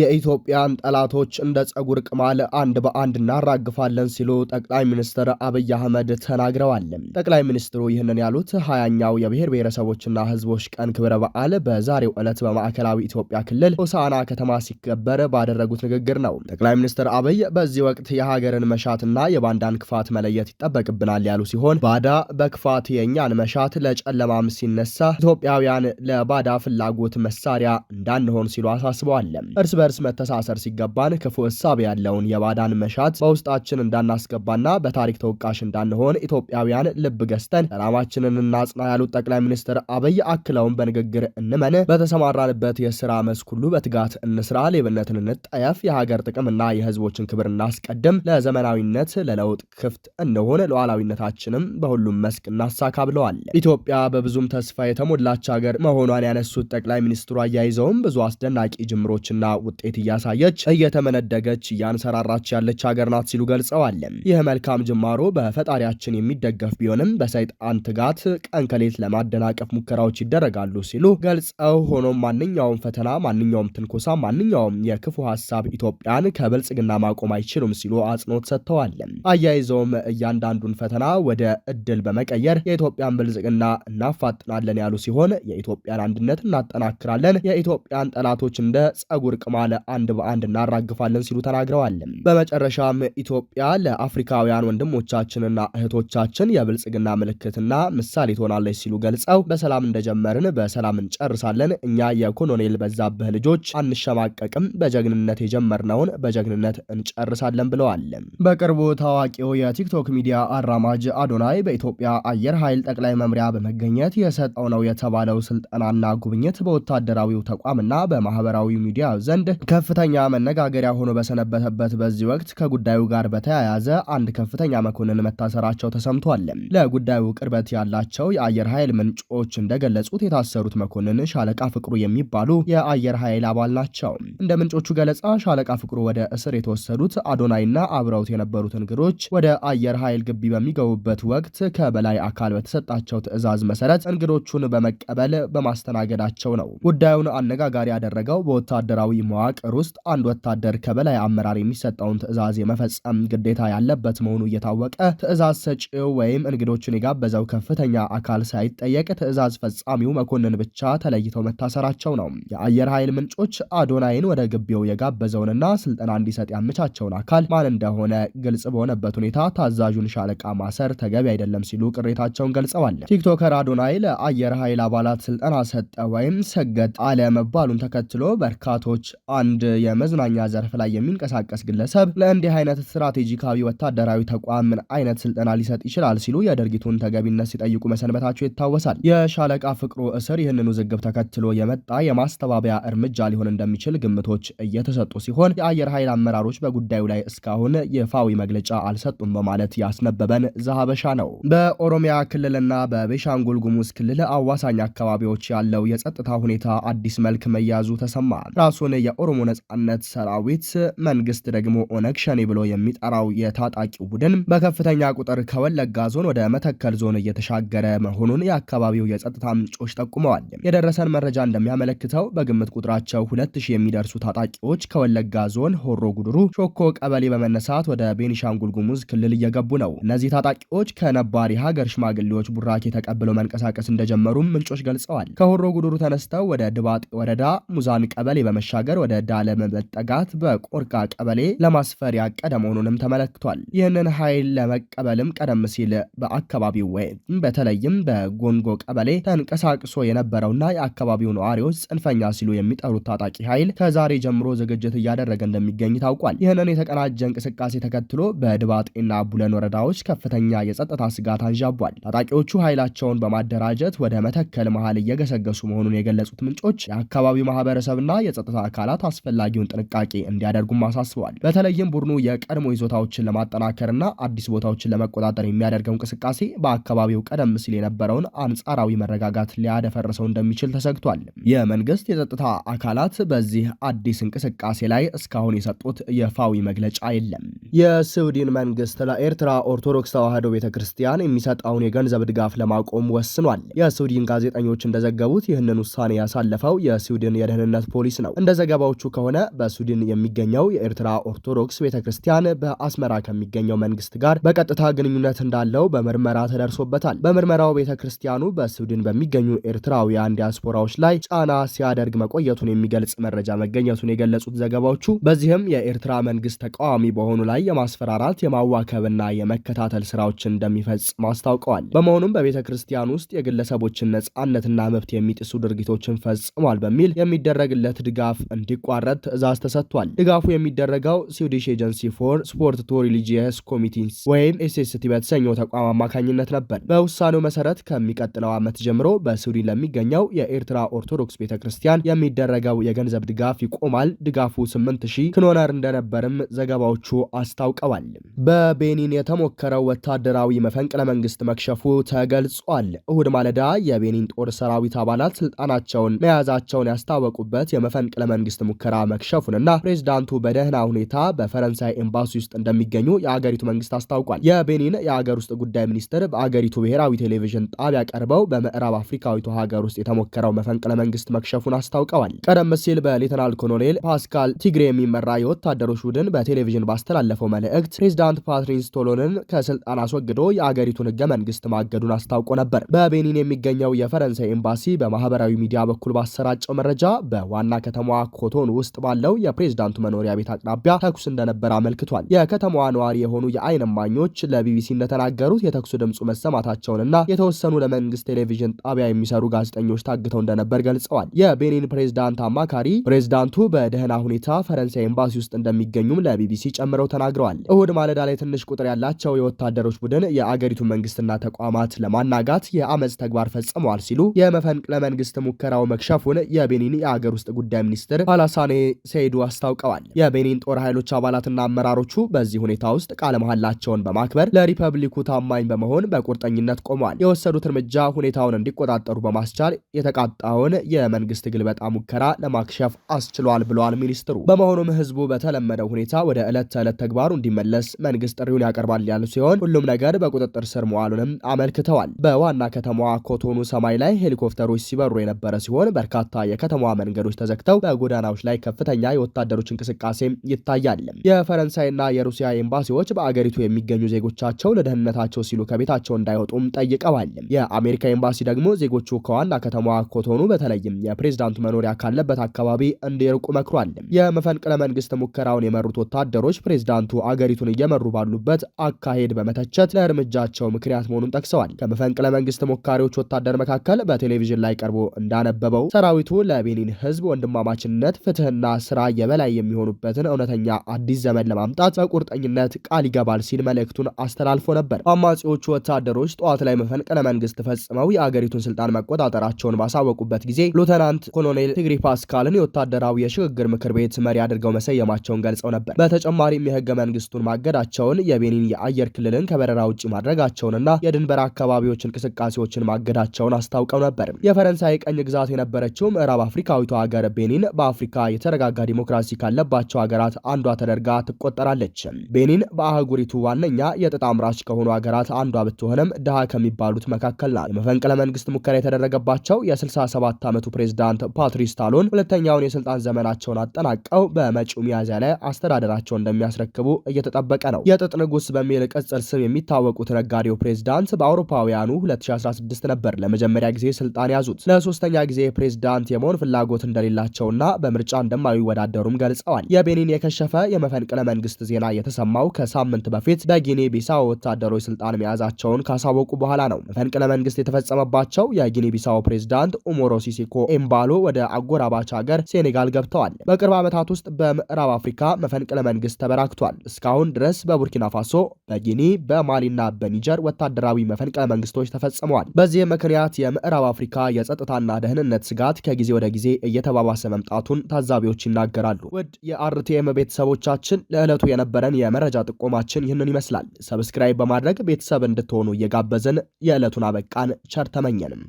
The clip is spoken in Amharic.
የኢትዮጵያን ጠላቶች እንደ ጸጉር ቅማል አንድ በአንድ እናራግፋለን ሲሉ ጠቅላይ ሚኒስትር አብይ አህመድ ተናግረዋል። ጠቅላይ ሚኒስትሩ ይህንን ያሉት ሀያኛው የብሔር ብሔረሰቦችና ህዝቦች ቀን ክብረ በዓል በዛሬው ዕለት በማዕከላዊ ኢትዮጵያ ክልል ሆሳና ከተማ ሲከበር ባደረጉት ንግግር ነው። ጠቅላይ ሚኒስትር አብይ በዚህ ወቅት የሀገርን መሻትና የባንዳን ክፋት መለየት ይጠበቅብናል ያሉ ሲሆን ባዳ በክፋት የእኛን መሻት ለጨለማም ሲነሳ ኢትዮጵያውያን ለባዳ ፍላጎት መሳሪያ እንዳንሆን ሲሉ አሳስበዋል። እርስ በርስ መተሳሰር ሲገባን ክፉ እሳብ ያለውን የባዳን መሻት በውስጣችን እንዳናስገባና በታሪክ ተወቃሽ እንዳንሆን ኢትዮጵያውያን ልብ ገዝተን ሰላማችንን እናጽና ያሉት ጠቅላይ ሚኒስትር አብይ አክለውን በንግግር እንመን፣ በተሰማራንበት የስራ መስክ ሁሉ በትጋት እንስራ፣ ሌብነትን እንጠየፍ፣ የሀገር ጥቅምና የህዝቦችን ክብር እናስቀድም፣ ለዘመናዊነት ለለውጥ ክፍት እንሆን፣ ሉዓላዊነታችንም በሁሉም መስክ እናሳካ ብለዋል። ኢትዮጵያ በብዙም ተስፋ የተሞላች ሀገር መሆኗን ያነሱት ጠቅላይ ሚኒስትሩ አያይዘውም ብዙ አስደናቂ ጅምሮችና ውጤት እያሳየች እየተመነደገች እያንሰራራች ያለች ሀገር ናት ሲሉ ገልጸዋል። ይህ መልካም ጅማሮ በፈጣሪያችን የሚደገፍ ቢሆንም በሰይጣን ትጋት ቀን ከሌት ለማደናቀፍ ሙከራዎች ይደረጋሉ ሲሉ ገልጸው፣ ሆኖም ማንኛውም ፈተና፣ ማንኛውም ትንኮሳ፣ ማንኛውም የክፉ ሀሳብ ኢትዮጵያን ከብልጽግና ማቆም አይችሉም ሲሉ አጽንኦት ሰጥተዋል። አያይዘውም እያንዳንዱን ፈተና ወደ እድል በመቀየር የኢትዮጵያን ብልጽግና እናፋጥናለን ያሉ ሲሆን የኢትዮጵያን አንድነት እናጠናክራለን፣ የኢትዮጵያን ጠላቶች እንደ ጸጉር ቅማ ከተባለ አንድ በአንድ እናራግፋለን ሲሉ ተናግረዋል። በመጨረሻም ኢትዮጵያ ለአፍሪካውያን ወንድሞቻችንና እህቶቻችን የብልጽግና ምልክትና ምሳሌ ትሆናለች ሲሉ ገልጸው በሰላም እንደጀመርን በሰላም እንጨርሳለን። እኛ የኮሎኔል በዛብህ ልጆች አንሸማቀቅም። በጀግንነት የጀመርነውን በጀግንነት እንጨርሳለን ብለዋል። በቅርቡ ታዋቂው የቲክቶክ ሚዲያ አራማጅ አዶናይ በኢትዮጵያ አየር ኃይል ጠቅላይ መምሪያ በመገኘት የሰጠው ነው የተባለው ስልጠናና ጉብኝት በወታደራዊው ተቋምና በማህበራዊ ሚዲያ ዘንድ ከፍተኛ መነጋገሪያ ሆኖ በሰነበተበት በዚህ ወቅት ከጉዳዩ ጋር በተያያዘ አንድ ከፍተኛ መኮንን መታሰራቸው ተሰምቷል። ለጉዳዩ ቅርበት ያላቸው የአየር ኃይል ምንጮች እንደገለጹት የታሰሩት መኮንን ሻለቃ ፍቅሩ የሚባሉ የአየር ኃይል አባል ናቸው። እንደ ምንጮቹ ገለጻ ሻለቃ ፍቅሩ ወደ እስር የተወሰዱት አዶናይና አብረውት የነበሩት እንግዶች ወደ አየር ኃይል ግቢ በሚገቡበት ወቅት ከበላይ አካል በተሰጣቸው ትዕዛዝ መሰረት እንግዶቹን በመቀበል በማስተናገዳቸው ነው። ጉዳዩን አነጋጋሪ ያደረገው በወታደራዊ መዋ መዋቅር ውስጥ አንድ ወታደር ከበላይ አመራር የሚሰጠውን ትዕዛዝ የመፈጸም ግዴታ ያለበት መሆኑ እየታወቀ ትዕዛዝ ሰጪው ወይም እንግዶችን የጋበዘው ከፍተኛ አካል ሳይጠየቅ ትዕዛዝ ፈጻሚው መኮንን ብቻ ተለይተው መታሰራቸው ነው። የአየር ኃይል ምንጮች አዶናይን ወደ ግቢው የጋበዘውንና ስልጠና እንዲሰጥ ያመቻቸውን አካል ማን እንደሆነ ግልጽ በሆነበት ሁኔታ ታዛዡን ሻለቃ ማሰር ተገቢ አይደለም ሲሉ ቅሬታቸውን ገልጸዋል። ቲክቶከር አዶናይ ለአየር ኃይል አባላት ስልጠና ሰጠ ወይም ሰገጥ አለመባሉን ተከትሎ በርካቶች አንድ የመዝናኛ ዘርፍ ላይ የሚንቀሳቀስ ግለሰብ ለእንዲህ አይነት ስትራቴጂካዊ ወታደራዊ ተቋም ምን አይነት ስልጠና ሊሰጥ ይችላል ሲሉ የድርጊቱን ተገቢነት ሲጠይቁ መሰንበታቸው ይታወሳል። የሻለቃ ፍቅሩ እስር ይህንን ውዝግብ ተከትሎ የመጣ የማስተባበያ እርምጃ ሊሆን እንደሚችል ግምቶች እየተሰጡ ሲሆን የአየር ኃይል አመራሮች በጉዳዩ ላይ እስካሁን ይፋዊ መግለጫ አልሰጡም በማለት ያስነበበን ዘሀበሻ ነው። በኦሮሚያ ክልልና በቤሻንጉል ጉሙዝ ክልል አዋሳኝ አካባቢዎች ያለው የጸጥታ ሁኔታ አዲስ መልክ መያዙ ተሰማ። ራሱን የኦሮሞ ነጻነት ሰራዊት መንግስት ደግሞ ኦነግ ሸኔ ብሎ የሚጠራው የታጣቂ ቡድን በከፍተኛ ቁጥር ከወለጋ ዞን ወደ መተከል ዞን እየተሻገረ መሆኑን የአካባቢው የጸጥታ ምንጮች ጠቁመዋል። የደረሰን መረጃ እንደሚያመለክተው በግምት ቁጥራቸው ሁለት ሺህ የሚደርሱ ታጣቂዎች ከወለጋ ዞን ሆሮ ጉድሩ ሾኮ ቀበሌ በመነሳት ወደ ቤኒሻንጉል ጉሙዝ ክልል እየገቡ ነው። እነዚህ ታጣቂዎች ከነባር የሀገር ሽማግሌዎች ቡራኬ ተቀብለው መንቀሳቀስ እንደጀመሩም ምንጮች ገልጸዋል። ከሆሮ ጉድሩ ተነስተው ወደ ድባጤ ወረዳ ሙዛን ቀበሌ በመሻገር ወደ ዳለ መጠጋት በቆርቃ ቀበሌ ለማስፈር ያቀደ መሆኑንም ተመለክቷል። ይህንን ኃይል ለመቀበልም ቀደም ሲል በአካባቢው ወይም በተለይም በጎንጎ ቀበሌ ተንቀሳቅሶ የነበረውና የአካባቢው ነዋሪዎች ጽንፈኛ ሲሉ የሚጠሩት ታጣቂ ኃይል ከዛሬ ጀምሮ ዝግጅት እያደረገ እንደሚገኝ ታውቋል። ይህንን የተቀናጀ እንቅስቃሴ ተከትሎ በድባጤና ቡለን ወረዳዎች ከፍተኛ የጸጥታ ስጋት አንዣቧል። ታጣቂዎቹ ኃይላቸውን በማደራጀት ወደ መተከል መሃል እየገሰገሱ መሆኑን የገለጹት ምንጮች የአካባቢው ማህበረሰብና የጸጥታ አካላት አባላት አስፈላጊውን ጥንቃቄ እንዲያደርጉም አሳስበዋል። በተለይም ቡድኑ የቀድሞ ይዞታዎችን ለማጠናከርና አዲስ ቦታዎችን ለመቆጣጠር የሚያደርገው እንቅስቃሴ በአካባቢው ቀደም ሲል የነበረውን አንጻራዊ መረጋጋት ሊያደፈርሰው እንደሚችል ተሰግቷል። የመንግስት የጸጥታ አካላት በዚህ አዲስ እንቅስቃሴ ላይ እስካሁን የሰጡት የፋዊ መግለጫ የለም። የስዊድን መንግስት ለኤርትራ ኦርቶዶክስ ተዋሕዶ ቤተ ክርስቲያን የሚሰጠውን የገንዘብ ድጋፍ ለማቆም ወስኗል። የስዊድን ጋዜጠኞች እንደዘገቡት ይህንን ውሳኔ ያሳለፈው የስዊድን የደህንነት ፖሊስ ነው። እንደ ዘገባው ዘገባዎቹ ከሆነ በሱድን የሚገኘው የኤርትራ ኦርቶዶክስ ቤተ ክርስቲያን በአስመራ ከሚገኘው መንግስት ጋር በቀጥታ ግንኙነት እንዳለው በምርመራ ተደርሶበታል። በምርመራው ቤተ ክርስቲያኑ በሱድን በሚገኙ ኤርትራውያን ዲያስፖራዎች ላይ ጫና ሲያደርግ መቆየቱን የሚገልጽ መረጃ መገኘቱን የገለጹት ዘገባዎቹ በዚህም የኤርትራ መንግስት ተቃዋሚ በሆኑ ላይ የማስፈራራት የማዋከብና የመከታተል ስራዎችን እንደሚፈጽም አስታውቀዋል። በመሆኑም በቤተ ክርስቲያን ውስጥ የግለሰቦችን ነጻነትና መብት የሚጥሱ ድርጊቶችን ፈጽሟል በሚል የሚደረግለት ድጋፍ እንዲ እንዲቋረጥ ትዕዛዝ ተሰጥቷል። ድጋፉ የሚደረገው ስዊዲሽ ኤጀንሲ ፎር ስፖርት ቱ ሪሊጂየስ ኮሚቲስ ወይም ኤስኤስቲ በተሰኘው ተቋም አማካኝነት ነበር። በውሳኔው መሰረት ከሚቀጥለው ዓመት ጀምሮ በስዊድን ለሚገኘው የኤርትራ ኦርቶዶክስ ቤተ ክርስቲያን የሚደረገው የገንዘብ ድጋፍ ይቆማል። ድጋፉ 8000 ክኖነር እንደነበርም ዘገባዎቹ አስታውቀዋል። በቤኒን የተሞከረው ወታደራዊ መፈንቅለ መንግስት መክሸፉ ተገልጿል። እሁድ ማለዳ የቤኒን ጦር ሰራዊት አባላት ስልጣናቸውን መያዛቸውን ያስታወቁበት የመፈንቅለ መንግስት ሙከራ መክሸፉንና ፕሬዚዳንቱ በደህና ሁኔታ በፈረንሳይ ኤምባሲ ውስጥ እንደሚገኙ የአገሪቱ መንግስት አስታውቋል። የቤኒን የአገር ውስጥ ጉዳይ ሚኒስትር በአገሪቱ ብሔራዊ ቴሌቪዥን ጣቢያ ቀርበው በምዕራብ አፍሪካዊቱ ሀገር ውስጥ የተሞከረው መፈንቅለ መንግስት መክሸፉን አስታውቀዋል። ቀደም ሲል በሌተናል ኮሎኔል ፓስካል ቲግሬ የሚመራ የወታደሮች ቡድን በቴሌቪዥን ባስተላለፈው መልእክት ፕሬዚዳንት ፓትሪንስ ቶሎንን ከስልጣን አስወግዶ የአገሪቱን ህገ መንግስት ማገዱን አስታውቆ ነበር። በቤኒን የሚገኘው የፈረንሳይ ኤምባሲ በማህበራዊ ሚዲያ በኩል ባሰራጨው መረጃ በዋና ከተማዋ ኮቶ ፎቶን ውስጥ ባለው የፕሬዝዳንቱ መኖሪያ ቤት አቅራቢያ ተኩስ እንደነበር አመልክቷል። የከተማዋ ነዋሪ የሆኑ የአይን እማኞች ለቢቢሲ እንደተናገሩት የተኩሱ ድምፁ መሰማታቸውንና የተወሰኑ ለመንግስት ቴሌቪዥን ጣቢያ የሚሰሩ ጋዜጠኞች ታግተው እንደነበር ገልጸዋል። የቤኒን ፕሬዝዳንት አማካሪ ፕሬዝዳንቱ በደህና ሁኔታ ፈረንሳይ ኤምባሲ ውስጥ እንደሚገኙም ለቢቢሲ ጨምረው ተናግረዋል። እሁድ ማለዳ ላይ ትንሽ ቁጥር ያላቸው የወታደሮች ቡድን የአገሪቱ መንግስትና ተቋማት ለማናጋት የአመፅ ተግባር ፈጽመዋል ሲሉ የመፈንቅለ መንግስት ሙከራው መክሸፉን የቤኒን የአገር ውስጥ ጉዳይ ሚኒስትር አላሳኔ ሰይዱ አስታውቀዋል። የቤኒን ጦር ኃይሎች አባላትና አመራሮቹ በዚህ ሁኔታ ውስጥ ቃለ መሐላቸውን በማክበር ለሪፐብሊኩ ታማኝ በመሆን በቁርጠኝነት ቆመዋል። የወሰዱት እርምጃ ሁኔታውን እንዲቆጣጠሩ በማስቻል የተቃጣውን የመንግስት ግልበጣ ሙከራ ለማክሸፍ አስችሏል ብለዋል ሚኒስትሩ። በመሆኑም ህዝቡ በተለመደው ሁኔታ ወደ ዕለት ተዕለት ተግባሩ እንዲመለስ መንግስት ጥሪውን ያቀርባል ያሉ ሲሆን ሁሉም ነገር በቁጥጥር ስር መዋሉንም አመልክተዋል። በዋና ከተማዋ ኮቶኑ ሰማይ ላይ ሄሊኮፕተሮች ሲበሩ የነበረ ሲሆን በርካታ የከተማዋ መንገዶች ተዘግተው በጎዳና ቀጠናዎች ላይ ከፍተኛ የወታደሮች እንቅስቃሴ ይታያል። የፈረንሳይና የሩሲያ ኤምባሲዎች በአገሪቱ የሚገኙ ዜጎቻቸው ለደህንነታቸው ሲሉ ከቤታቸው እንዳይወጡም ጠይቀዋል። የአሜሪካ ኤምባሲ ደግሞ ዜጎቹ ከዋና ከተማዋ ኮቶኑ በተለይም የፕሬዝዳንቱ መኖሪያ ካለበት አካባቢ እንዲርቁ መክሯል። የመፈንቅለ መንግስት ሙከራውን የመሩት ወታደሮች ፕሬዝዳንቱ አገሪቱን እየመሩ ባሉበት አካሄድ በመተቸት ለእርምጃቸው ምክንያት መሆኑን ጠቅሰዋል። ከመፈንቅለ መንግስት ሞካሪዎች ወታደር መካከል በቴሌቪዥን ላይ ቀርቦ እንዳነበበው ሰራዊቱ ለቤኒን ህዝብ ወንድማማችነት በማለት ፍትህና ስራ የበላይ የሚሆኑበትን እውነተኛ አዲስ ዘመን ለማምጣት በቁርጠኝነት ቃል ይገባል ሲል መልእክቱን አስተላልፎ ነበር። አማጺዎቹ ወታደሮች ጠዋት ላይ መፈንቅለ መንግስት ፈጽመው የአገሪቱን ስልጣን መቆጣጠራቸውን ባሳወቁበት ጊዜ ሉተናንት ኮሎኔል ቲግሪ ፓስካልን የወታደራዊ የሽግግር ምክር ቤት መሪ አድርገው መሰየማቸውን ገልጸው ነበር። በተጨማሪም የህገ መንግስቱን ማገዳቸውን፣ የቤኒን የአየር ክልልን ከበረራ ውጭ ማድረጋቸውንና የድንበር አካባቢዎች እንቅስቃሴዎችን ማገዳቸውን አስታውቀው ነበር። የፈረንሳይ ቀኝ ግዛት የነበረችው ምዕራብ አፍሪካዊቷ ሀገር ቤኒን በአፍሪ አፍሪካ የተረጋጋ ዲሞክራሲ ካለባቸው ሀገራት አንዷ ተደርጋ ትቆጠራለች። ቤኒን በአህጉሪቱ ዋነኛ የጥጥ አምራች ከሆኑ ሀገራት አንዷ ብትሆንም ድሃ ከሚባሉት መካከል ናት። የመፈንቅለ መንግስት ሙከራ የተደረገባቸው የ67 ዓመቱ ፕሬዝዳንት ፓትሪስ ታሎን ሁለተኛውን የስልጣን ዘመናቸውን አጠናቀው በመጪው ሚያዝያ ላይ አስተዳደራቸውን እንደሚያስረክቡ እየተጠበቀ ነው። የጥጥ ንጉስ በሚል ቅጽል ስም የሚታወቁት ነጋዴው ፕሬዝዳንት በአውሮፓውያኑ 2016 ነበር ለመጀመሪያ ጊዜ ስልጣን ያዙት። ለሶስተኛ ጊዜ ፕሬዝዳንት የመሆን ፍላጎት እንደሌላቸውና በ ለምርጫ እንደማይወዳደሩም ገልጸዋል። የቤኒን የከሸፈ የመፈንቅለ መንግስት ዜና የተሰማው ከሳምንት በፊት በጊኒ ቢሳው ወታደሮች ስልጣን መያዛቸውን ካሳወቁ በኋላ ነው። መፈንቅለ መንግስት የተፈጸመባቸው የጊኒ ቢሳው ፕሬዝዳንት ኡሞሮ ሲሲኮ ኤምባሎ ወደ አጎራባች ሀገር ሴኔጋል ገብተዋል። በቅርብ ዓመታት ውስጥ በምዕራብ አፍሪካ መፈንቅለ መንግስት ተበራክቷል። እስካሁን ድረስ በቡርኪና ፋሶ፣ በጊኒ፣ በማሊና በኒጀር ወታደራዊ መፈንቅለ መንግስቶች ተፈጽመዋል። በዚህ ምክንያት የምዕራብ አፍሪካ የጸጥታና ደህንነት ስጋት ከጊዜ ወደ ጊዜ እየተባባሰ መምጣቱን ታዛቢዎች ይናገራሉ። ውድ የአርቲኤም ቤተሰቦቻችን ለዕለቱ የነበረን የመረጃ ጥቆማችን ይህንን ይመስላል። ሰብስክራይብ በማድረግ ቤተሰብ እንድትሆኑ እየጋበዝን የዕለቱን አበቃን። ቸር ተመኘንም።